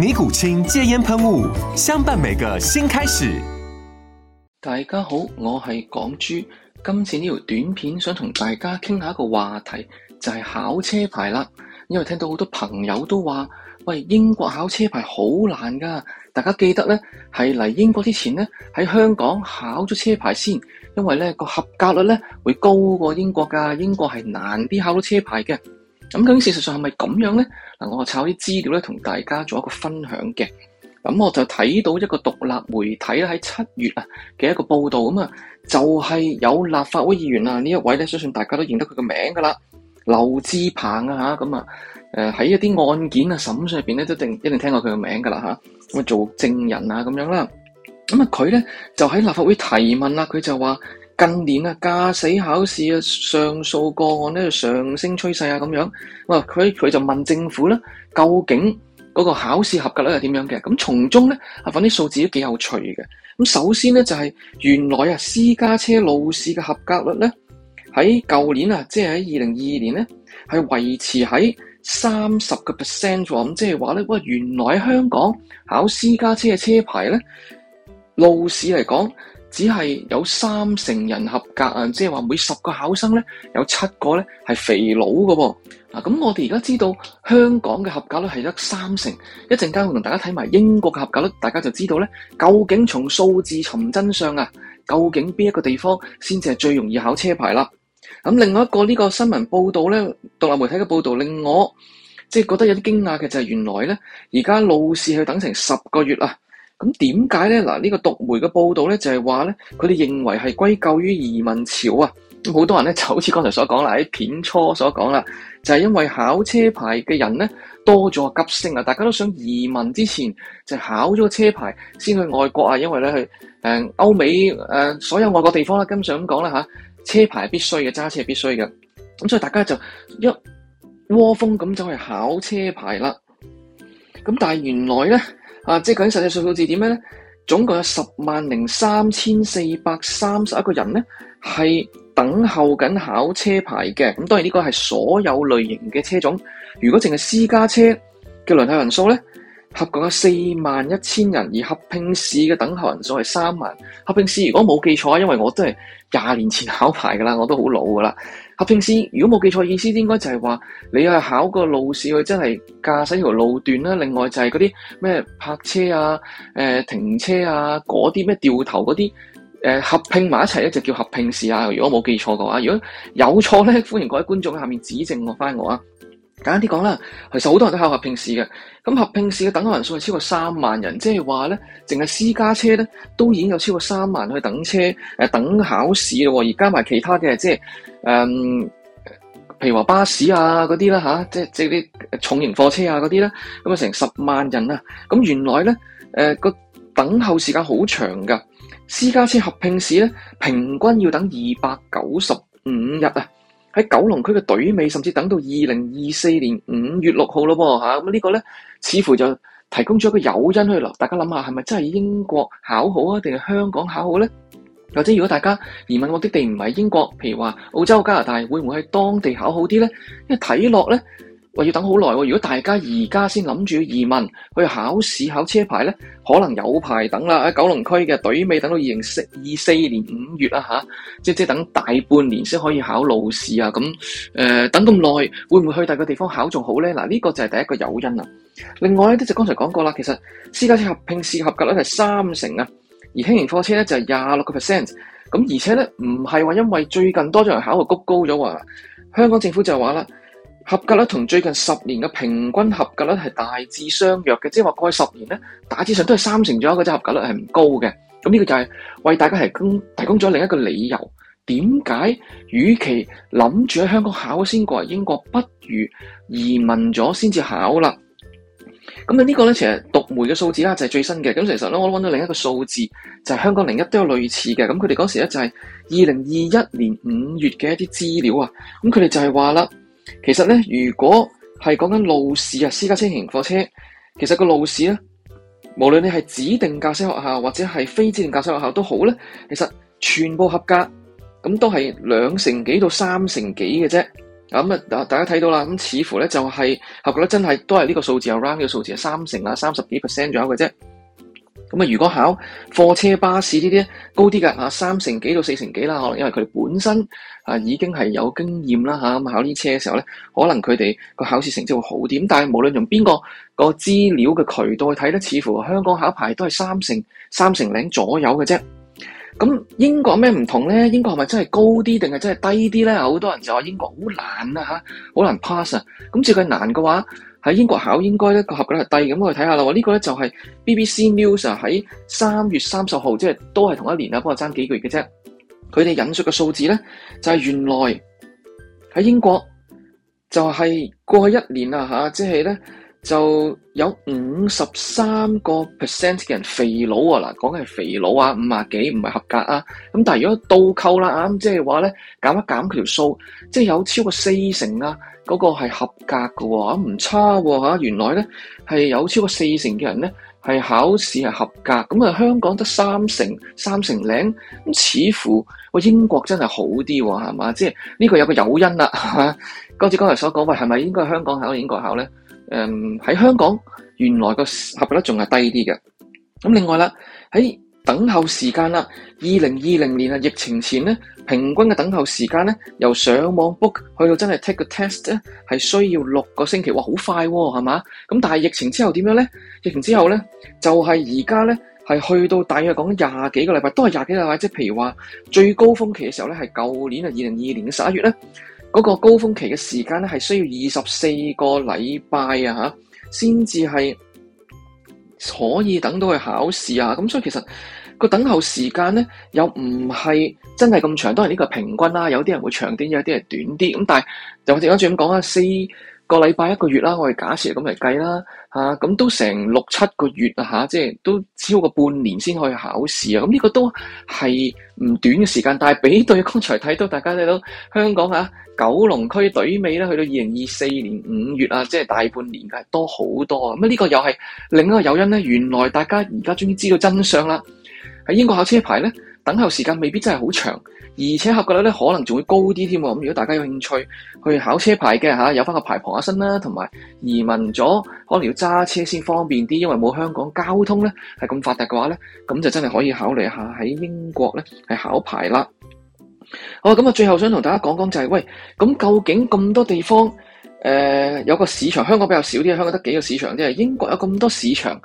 尼古清戒煙噴霧，相伴每個新開始。大家好，我係港豬。今次呢條短片想同大家傾下一個話題，就係、是、考車牌啦。因為聽到好多朋友都話，喂，英國考車牌好難噶。大家記得咧，係嚟英國之前咧喺香港考咗車牌先，因為咧個合格率咧會高過英國噶。英國係難啲考到車牌嘅。咁究竟，事實上係咪咁樣咧？嗱，我啊抄啲資料咧，同大家做一個分享嘅。咁我就睇到一個獨立媒體咧喺七月啊嘅一個報導，咁啊就係、是、有立法會議員啊呢一位咧，相信大家都認得佢個名噶啦，劉智鵬啊吓，咁啊誒喺一啲案件啊審上邊咧都定一定聽過佢個名噶啦吓，咁啊做證人啊咁樣啦。咁啊佢咧就喺立法會提問啦，佢就話。近年啊，駕駛考試啊，上訴個案呢就上升趨勢啊，咁樣。哇！佢佢就問政府啦，究竟嗰個考試合格率係點樣嘅？咁從中咧啊，揾啲數字都幾有趣嘅。咁首先咧就係、是、原來啊，私家車路試嘅合格率咧，喺舊年啊，即係喺二零二二年咧，係維持喺三十個 percent 左右。咁即係話咧，喂，原來香港考私家車嘅車牌咧，路試嚟講，只係有三成人合格啊，即係話每十個考生咧，有七個咧係肥佬嘅喎。嗱、啊，咁、嗯、我哋而家知道香港嘅合格率係得三成。一陣間我同大家睇埋英國嘅合格率，大家就知道咧究竟從數字尋真相啊，究竟邊一個地方先至係最容易考車牌啦？咁、嗯、另外一個呢、這個新聞報道咧，獨立媒體嘅報道令我即係覺得有啲驚訝嘅就係、是、原來咧而家路試去等成十個月啦咁點解咧？嗱，呢、這個獨媒嘅報道咧，就係話咧，佢哋認為係歸咎於移民潮啊！好多人咧，就好似剛才所講啦，喺片初所講啦，就係、是、因為考車牌嘅人咧多咗急升啊！大家都想移民之前就考咗個車牌先去外國啊，因為咧去誒歐美誒所有外國地方啦，今上咁講啦嚇，車牌係必須嘅，揸車係必須嘅，咁所以大家就一窩蜂咁就去考車牌啦。咁但係原來咧。啊！即係講啲實際數字點樣呢？總共有十萬零三千四百三十一個人呢，係等候緊考車牌嘅。咁當然呢個係所有類型嘅車種。如果淨係私家車嘅輪候人數呢，合共有四萬一千人，而合拼試嘅等候人數係三萬。合拼試如果冇記錯啊，因為我都係廿年前考牌噶啦，我都好老噶啦。合拼試如果冇記錯，意思應該就係話你去考個路試去，真係駕駛條路段啦。另外就係嗰啲咩泊車啊、誒、呃、停車啊嗰啲咩掉頭嗰啲，誒、呃、合拼埋一齊咧就叫合拼試啊。如果冇記錯嘅話，如果有錯咧，歡迎各位觀眾喺下面指正我翻我啊。簡單啲講啦，其實好多人都考合聘試嘅。咁合聘試嘅等候人數係超過三萬人，即係話咧，淨係私家車咧都已經有超過三萬去等車、等考試咯。而加埋其他嘅，即係誒、嗯，譬如話巴士啊嗰啲啦嚇，即係即係啲重型貨車啊嗰啲啦，咁啊成十萬人啊。咁原來咧，誒個等候時間好長㗎。私家車合聘試咧，平均要等二百九十五日啊！喺九龍區嘅隊尾，甚至等到二零二四年五月六號咯喎，吓、啊、咁、這個、呢個咧，似乎就提供咗一個誘因去咯。大家諗下，係咪真係英國考好啊，定係香港考好咧？或者如果大家移民目的地唔係英國，譬如話澳洲、加拿大，會唔會喺當地考好啲咧？因為睇落咧。喂，要等好耐喎！如果大家而家先諗住要移民去考試考車牌呢，可能有排等啦。喺九龍區嘅隊尾等到二零二四年五月啦吓，即係即係等大半年先可以考路試啊！咁誒、呃，等咁耐，會唔會去第二個地方考仲好呢？嗱，呢個就係第一個誘因啦。另外呢，就剛才講過啦，其實私家車合拼試合格率係三成啊，而輕型貨車呢就係廿六個 percent。咁而且呢，唔係話因為最近多咗人考個谷高咗啊！香港政府就話啦。合格率同最近十年嘅平均合格率係大致相若嘅，即係話過去十年咧，大致上都係三成左右嘅。啫，合格率係唔高嘅，咁呢個就係為大家係供提供咗另一個理由，點解與其諗住喺香港考先過嚟英國，不如移民咗先至考啦。咁啊，呢個咧其實獨媒嘅數字啦就係最新嘅，咁其實咧我都搵到另一個數字就係、是、香港零一都有類似嘅，咁佢哋嗰時咧就係二零二一年五月嘅一啲資料啊，咁佢哋就係話啦。其實咧，如果係講緊路試啊，私家車、輕型貨車，其實個路試咧，無論你係指定駕駛學校或者係非指定駕駛學校都好咧，其實全部合格，咁都係兩成幾到三成幾嘅啫。咁、嗯、啊，大大家睇到啦，咁、嗯、似乎咧就係合格咧，覺得真係都係呢個數字 around 呢個數字，三成啊，三十幾 percent 左右嘅啫。咁啊，如果考貨車、巴士呢啲高啲嘅，三成幾到四成幾啦，可能因為佢哋本身啊已經係有經驗啦，咁考呢車嘅時候咧，可能佢哋個考試成績會好點，但係無論用邊個個資料嘅渠道去睇咧，似乎香港考牌都係三成三成零左右嘅啫。咁英國有咩唔同咧？英國係咪真係高啲定係真係低啲咧？好多人就話英國好難啊，好難 pass 啊。咁至於係難嘅話，喺英國考應該咧，個合格率係低，咁我哋睇下啦喎，呢、呢個咧就係 BBC News 喺三月三十號，即係都係同一年啦，不過爭幾個月嘅啫。佢哋引述嘅數字咧就係、係、原來喺英國就係過去一年啦吓，即係咧。就有五十三個 percent 嘅人肥佬喎，嗱，講緊係肥佬啊，五啊幾唔係合格啊，咁但係如果倒扣啦，啱即係話咧減一減佢條數，即係有超過四成啊，嗰個係合格噶。唔差吓，原來咧係有超過四成嘅人咧係考試係合格，咁啊香港得三成三成零，咁似乎喂英國真係好啲係嘛？即係呢個有個誘因啦，吓，剛才剛才所講喂係咪應該係香港考英國考咧？誒喺、嗯、香港原來個合格率仲係低啲嘅，咁另外啦喺等候時間啦，二零二零年啊疫情前咧平均嘅等候時間咧由上網 book 去到真係 take 個 test 咧係需要六個星期，哇好快喎係嘛？咁但係疫情之後點樣咧？疫情之後咧就係而家咧係去到大約講廿幾個禮拜，都係廿幾個禮拜，即係譬如話最高峰期嘅時候咧係舊年啊二零二二年嘅十一月咧。嗰個高峰期嘅時間咧，係需要二十四個禮拜啊，先至係可以等到去考試啊。咁所以其實、個等候時間咧，又唔係真係咁長，當然呢個係平均啦、啊，有啲人會長啲，有啲人短啲。咁但係就好似啱咁講啊，四。個禮拜一個月啦，我哋假設咁嚟計啦，吓、啊、咁都成六七個月啊，吓即係都超過半年先可以考試啊，咁、這、呢個都係唔短嘅時間。但係比對剛才睇到，大家睇到香港吓、啊、九龍區隊尾呢，去到二零二四年五月啊，即係大半年嘅多好多啊。咁呢、啊，這個又係另一個誘因咧，原來大家而家終於知道真相啦，喺英國考車牌咧，等候時間未必真係好長，而且合格率咧，可能仲會高啲添。咁如果大家有興趣去考車牌嘅話，有翻個牌傍下身啦，同埋移民咗可能要揸車先方便啲，因為冇香港交通呢係咁發達嘅話呢，咁就真係可以考慮下喺英國呢係考牌啦。好，咁啊，最後想同大家講講就係、是，喂，咁究竟咁多地方，誒、呃、有個市場，香港比較少啲，香港得幾個市場，即係英國有咁多市場。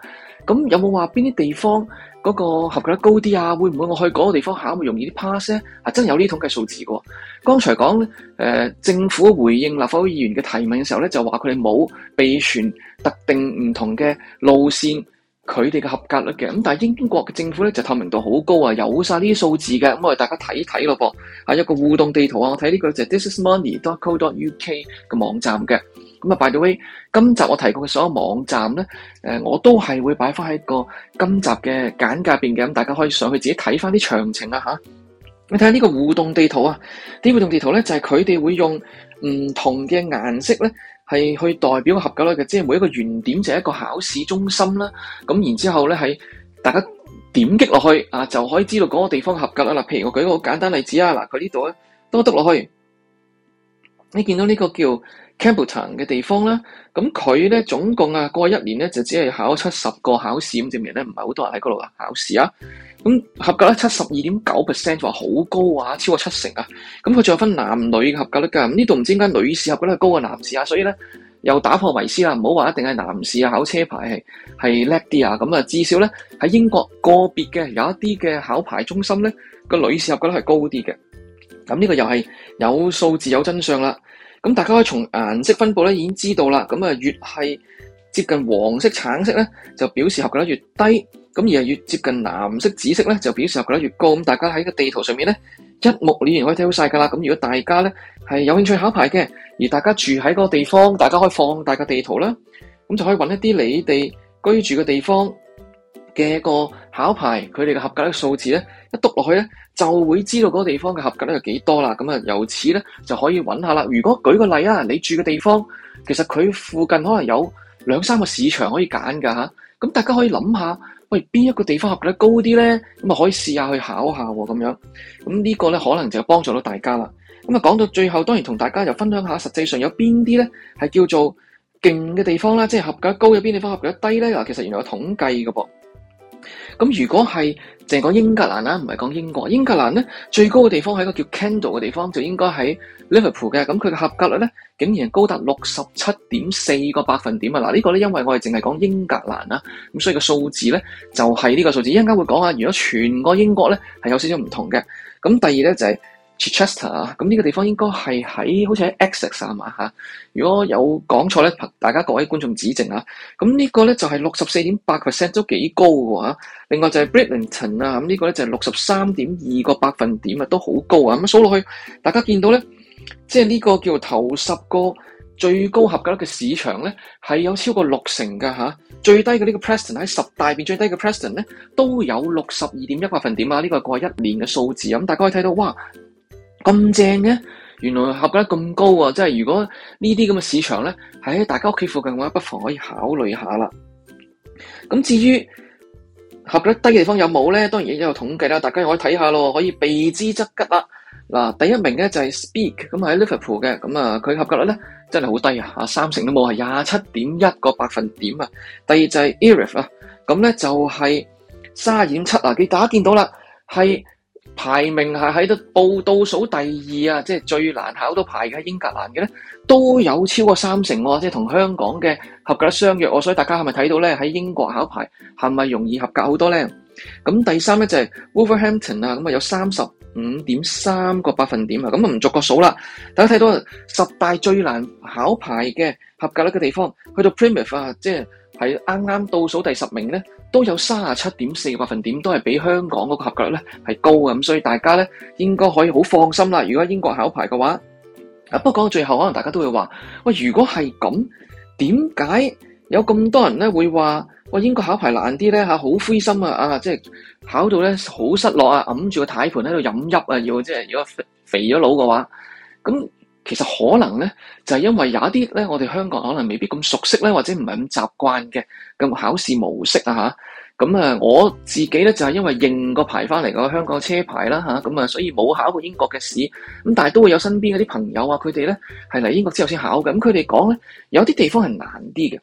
咁有冇話邊啲地方嗰個合格率高啲啊？會唔會我去嗰個地方考、啊、會容易啲 pass 咧？啊，真係有呢統計數字喎。剛才講誒、呃，政府回應立法會議員嘅提問嘅時候咧，就話佢哋冇備存特定唔同嘅路線，佢哋嘅合格率嘅。咁、嗯、但係英國嘅政府咧就透明度好高啊，有晒呢啲數字嘅。咁我哋大家睇睇咯噃，係、啊、一個互動地圖啊。我睇呢個就 thisismoney.co.uk 嘅網站嘅。咁啊，by the way，今集我提供嘅所有的網站咧，誒，我都係會擺翻喺個今集嘅簡介入邊嘅，咁大家可以上去自己睇翻啲詳情啊吓。你睇下呢個互動地圖啊，呢個互動地圖咧就係佢哋會用唔同嘅顏色咧係去代表個合格率嘅，即係每一個圓點就係一個考試中心啦。咁然之後咧係大家點擊落去啊，就可以知道嗰個地方嘅合格率啦。嗱，譬如我舉一個簡單例子啊，嗱，佢呢度咧都篤落去，你見到呢個叫。Camberton 嘅地方啦，咁佢咧總共啊過一年咧就只係考七十個考試，咁證明咧唔係好多人喺嗰度考試啊。咁合格咧七十二點九 percent，話好高啊，超過七成啊。咁佢仲有分男女嘅合格率噶，呢度唔知點解女士合格率高過男士啊，所以咧又打破迷思啦。唔好話一定係男士啊考車牌係係叻啲啊。咁、嗯、啊，至少咧喺英國個別嘅有一啲嘅考牌中心咧，個女士合格率係高啲嘅。咁呢個又係有數字有真相啦、啊。咁大家可以從顏色分佈咧已經知道啦。咁啊，越係接近黃色、橙色咧，就表示合格率越低；咁而係越接近藍色、紫色咧，就表示合格率越高。咁大家喺個地圖上面咧，一目了然可以睇到晒噶啦。咁如果大家咧係有興趣考牌嘅，而大家住喺個地方，大家可以放大個地圖啦，咁就可以搵一啲你哋居住嘅地方嘅一個。考牌佢哋嘅合格嘅數字咧，一讀落去咧，就會知道嗰個地方嘅合格率有幾多啦。咁啊，由此咧就可以揾下啦。如果舉個例啦，你住嘅地方其實佢附近可能有兩三個市場可以揀㗎嚇。咁大家可以諗下，喂，邊一個地方合格率高啲咧？咁啊可以試下去考下咁樣。咁呢個咧可能就幫助到大家啦。咁啊講到最後，當然同大家就分享下實際上有邊啲咧係叫做勁嘅地方啦，即係合格高有邊地方合格低咧嗱，其實原來有統計嘅噃。咁如果係淨係講英格蘭啦，唔係講英國，英格蘭咧最高嘅地方喺一個叫 Candle 嘅地方，就應該喺 Liverpool 嘅。咁佢嘅合格率咧，竟然高達六十七點四個百分點啊！嗱、這個，呢個咧因為我哋淨係講英格蘭啦，咁所以數呢、就是、個數字咧就係呢個數字。一陣間會講下，如果全個英國咧係有少少唔同嘅。咁第二咧就係、是。Chester 啊，咁呢個地方應該係喺好似喺 e x c e s 啊嘛，如果有講錯咧，大家各位觀眾指正啊。咁呢個咧就係六十四點八 percent 都幾高嘅喎，另外就係 Bridlington 啊，咁呢個咧就係六十三點二個百分點啊，都好高啊。咁數落去，大家見到咧，即係呢個叫做頭十個最高合格率嘅市場咧，係有超過六成㗎。最低嘅呢個 Preston 喺十大便，最低嘅 Preston 咧，都有六十二點一百分點啊。呢、這個係過去一年嘅數字啊，咁大家可以睇到哇。咁正嘅，原來合格率咁高啊！即係如果呢啲咁嘅市場咧，喺大家屋企附近嘅話，不妨可以考慮下啦。咁至於合格率低嘅地方有冇咧？當然有有統計啦，大家可以睇下咯，可以避之則吉啦。嗱，第一名咧就係 Speke 咁係喺 Liverpool 嘅，咁啊佢合格率咧真係好低啊，三成都冇，係廿七點一個百分點啊。第二就係 Erith 啊，咁咧就係卅二點七啊，記得見到啦，係。排名係喺度報倒數第二啊，即係最難考到牌嘅英格蘭嘅咧，都有超過三成喎，即係同香港嘅合格率相約喎，所以大家係咪睇到咧，喺英國考牌係咪容易合格好多咧？咁第三咧就係、是、Wolverhampton 啊，咁啊有三十五點三個百分點啊，咁啊唔逐個數啦，大家睇到十大最難考牌嘅合格率嘅地方，去到 Primerth 啊，即係。係啱啱倒數第十名咧，都有三十七點四個百分點，都係比香港嗰個合格率咧係高嘅，咁所以大家咧應該可以好放心啦。如果英國考牌嘅話，啊不過講到最後，可能大家都會話，喂，如果係咁，點解有咁多人咧會話，喂，英國考牌難啲咧吓，好灰心啊，啊即係考到咧好失落啊，揞住個軚盤喺度飲泣啊，要即係如果肥咗佬嘅話，咁。其實可能咧，就係、是、因為有一啲咧，我哋香港可能未必咁熟悉咧，或者唔係咁習慣嘅咁考試模式啊吓，咁、嗯、啊，我自己咧就係、是、因為認個牌返嚟個香港車牌啦吓，咁啊、嗯，所以冇考過英國嘅試。咁但係都會有身邊嗰啲朋友啊，佢哋咧係嚟英國之後先考嘅。咁佢哋講咧，有啲地方係難啲嘅。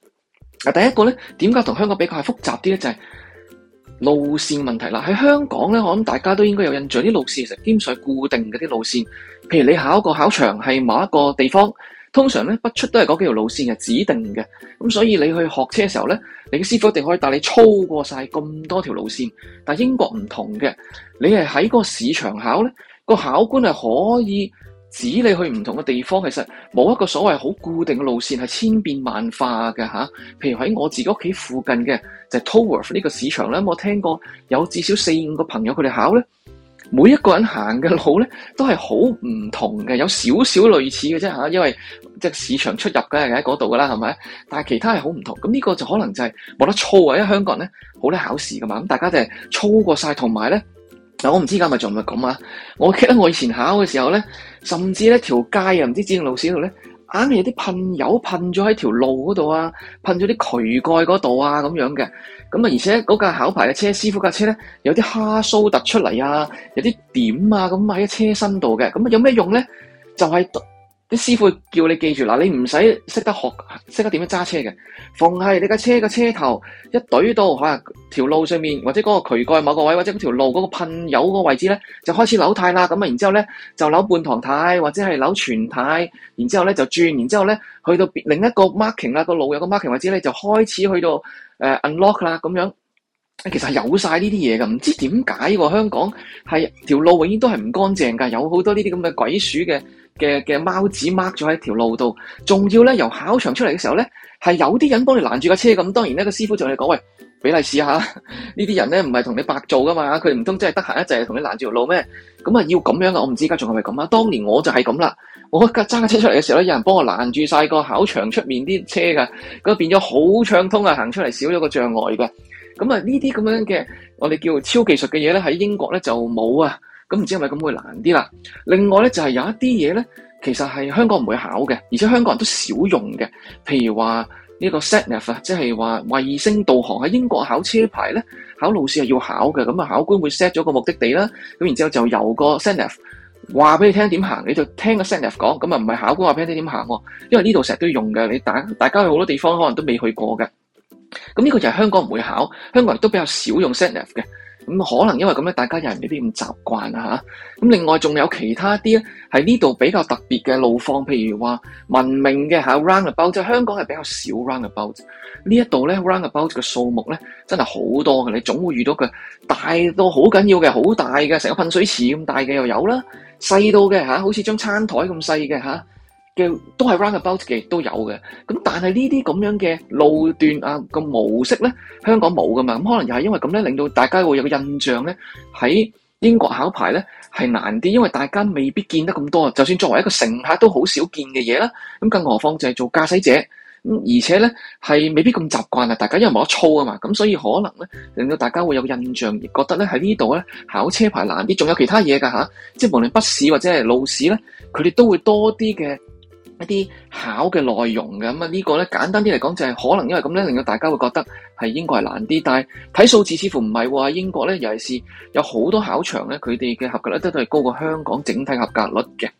嗱，第一個咧，點解同香港比較係複雜啲咧？就係、是。路線問題啦，喺香港咧，我諗大家都應該有印象，啲路線其實偏向固定嘅啲路線。譬如你考個考場係某一個地方，通常咧不出都係嗰幾條路線係指定嘅。咁所以你去學車嘅時候咧，你嘅師傅一定可以帶你操過晒咁多條路線。但英國唔同嘅，你係喺個試場考咧，個考官係可以。指你去唔同嘅地方，其實冇一個所謂好固定嘅路線，係千變萬化嘅吓，譬如喺我自己屋企附近嘅就係、Tower 呢個市場咧，我聽過有至少四五個朋友佢哋考咧，每一個人行嘅路咧都係好唔同嘅，有少少類似嘅啫吓，因為即係市場出入嘅係喺嗰度噶啦，係咪？但係其他係好唔同，咁、這、呢個就可能就係冇得操啊，因為香港人咧好叻考試噶嘛，咁大家就係操過晒，同埋咧。我唔知而家係咪仲係咁啊？我記得我以前考嘅時候咧，甚至咧條街又唔知展路士度咧，硬係有啲噴油噴咗喺條路嗰度啊，噴咗啲渠蓋嗰度啊咁樣嘅。咁啊，而且嗰架考牌嘅車，師傅架車咧，有啲蝦鬚突出嚟啊，有啲點啊咁喺車身度嘅。咁啊，有咩用咧？就係、是。啲師傅叫你記住，嗱，你唔使識得學識得點樣揸車嘅。凡係你架車嘅車頭一懟到吓、啊，條路上面或者嗰個渠蓋某個位，或者嗰條路嗰個噴油個位置咧，就開始扭軚啦。咁啊，然之後咧就扭半堂軚，或者係扭全軚。然之後咧就轉，然之後咧去到另一個 marking 啦、啊，個路有個 marking 位置咧，就開始去到、呃、unlock 啦咁樣。其實有晒呢啲嘢噶，唔知點解喎？香港係條路永遠都係唔乾淨噶，有好多呢啲咁嘅鬼鼠嘅嘅嘅貓子掹咗喺條路度，仲要咧由考場出嚟嘅時候咧，係有啲人幫你攔住架車咁。當然呢個師傅就係講：喂，俾你試下。呢啲人咧唔係同你白做噶嘛，佢唔通真係得閒一齊同你攔住條路咩？咁啊要咁樣噶，我唔知而家仲係咪咁啊？當年我就係咁啦，我架揸架車出嚟嘅時候咧，有人幫我攔住晒個考場出面啲車噶，咁變咗好暢通啊，行出嚟少咗個障礙噶。咁啊，呢啲咁樣嘅我哋叫超技術嘅嘢咧，喺英國咧就冇啊。咁唔知係咪咁會難啲啦？另外咧，就係有一啲嘢咧，其實係香港唔會考嘅，而且香港人都少用嘅。譬如話呢個 satnav 即係話衛星導航，喺英國考車牌咧，考路試係要考嘅。咁啊，考官會 set 咗個目的地啦，咁然之後就由個 satnav 話俾你聽點行，你就聽個 satnav 講。咁啊，唔係考官話俾你聽點行喎，因為呢度成日都要用嘅。你大大家去好多地方可能都未去過嘅。咁呢個就係香港唔會考，香港人都比較少用 set left 嘅，咁可能因為咁樣，大家又未必係咁習慣吓。咁、啊、另外仲有其他啲係呢度比較特別嘅路況，譬如話文明嘅吓 roundabout，香港係比較少 roundabout。呢一度咧 roundabout 嘅數目咧真係好多嘅，你總會遇到佢，大到好緊要嘅，好大嘅，成個噴水池咁大嘅又有啦，細到嘅吓，好似張餐台咁細嘅吓。啊嘅都係 roundabout 嘅都有嘅，咁但係呢啲咁樣嘅路段啊，個模式咧，香港冇噶嘛，咁可能又係因為咁咧，令到大家會有個印象咧，喺英國考牌咧係難啲，因為大家未必見得咁多，就算作為一個乘客都好少見嘅嘢啦，咁更何況就係做駕駛者，咁而且咧係未必咁習慣啊，大家因為冇得操啊嘛，咁所以可能咧令到大家會有印象，而覺得咧喺呢度咧考車牌難啲，仲有其他嘢㗎吓，即係無論筆試或者係路試咧，佢哋都會多啲嘅。一啲考嘅內容嘅，咁啊，呢個咧簡單啲嚟講就係可能因為咁咧，令到大家會覺得係英國係難啲，但係睇數字似乎唔係喎，英國咧，尤其是有好多考場咧，佢哋嘅合格率都係高過香港整體合格率嘅。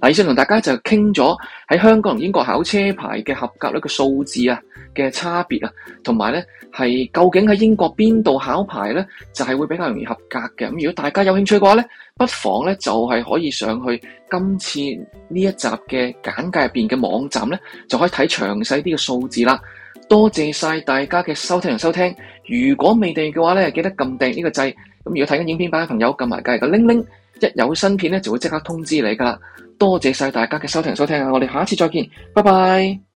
嗱，以上同大家就傾咗喺香港同英國考車牌嘅合格率嘅數字啊嘅差別啊，同埋咧係究竟喺英國邊度考牌咧，就係會比較容易合格嘅。咁如果大家有興趣嘅話咧，不妨咧就係可以上去今次呢一集嘅簡介入邊嘅網站咧，就可以睇詳細啲嘅數字啦。多謝晒大家嘅收聽同收聽，如果未訂嘅話咧，記得撳訂呢個掣。如果睇緊影片版嘅朋友撳埋隔籬個鈴鈴，一有新片呢就會即刻通知你㗎啦。多謝晒大家嘅收聽收聽，我哋下次再見，拜拜。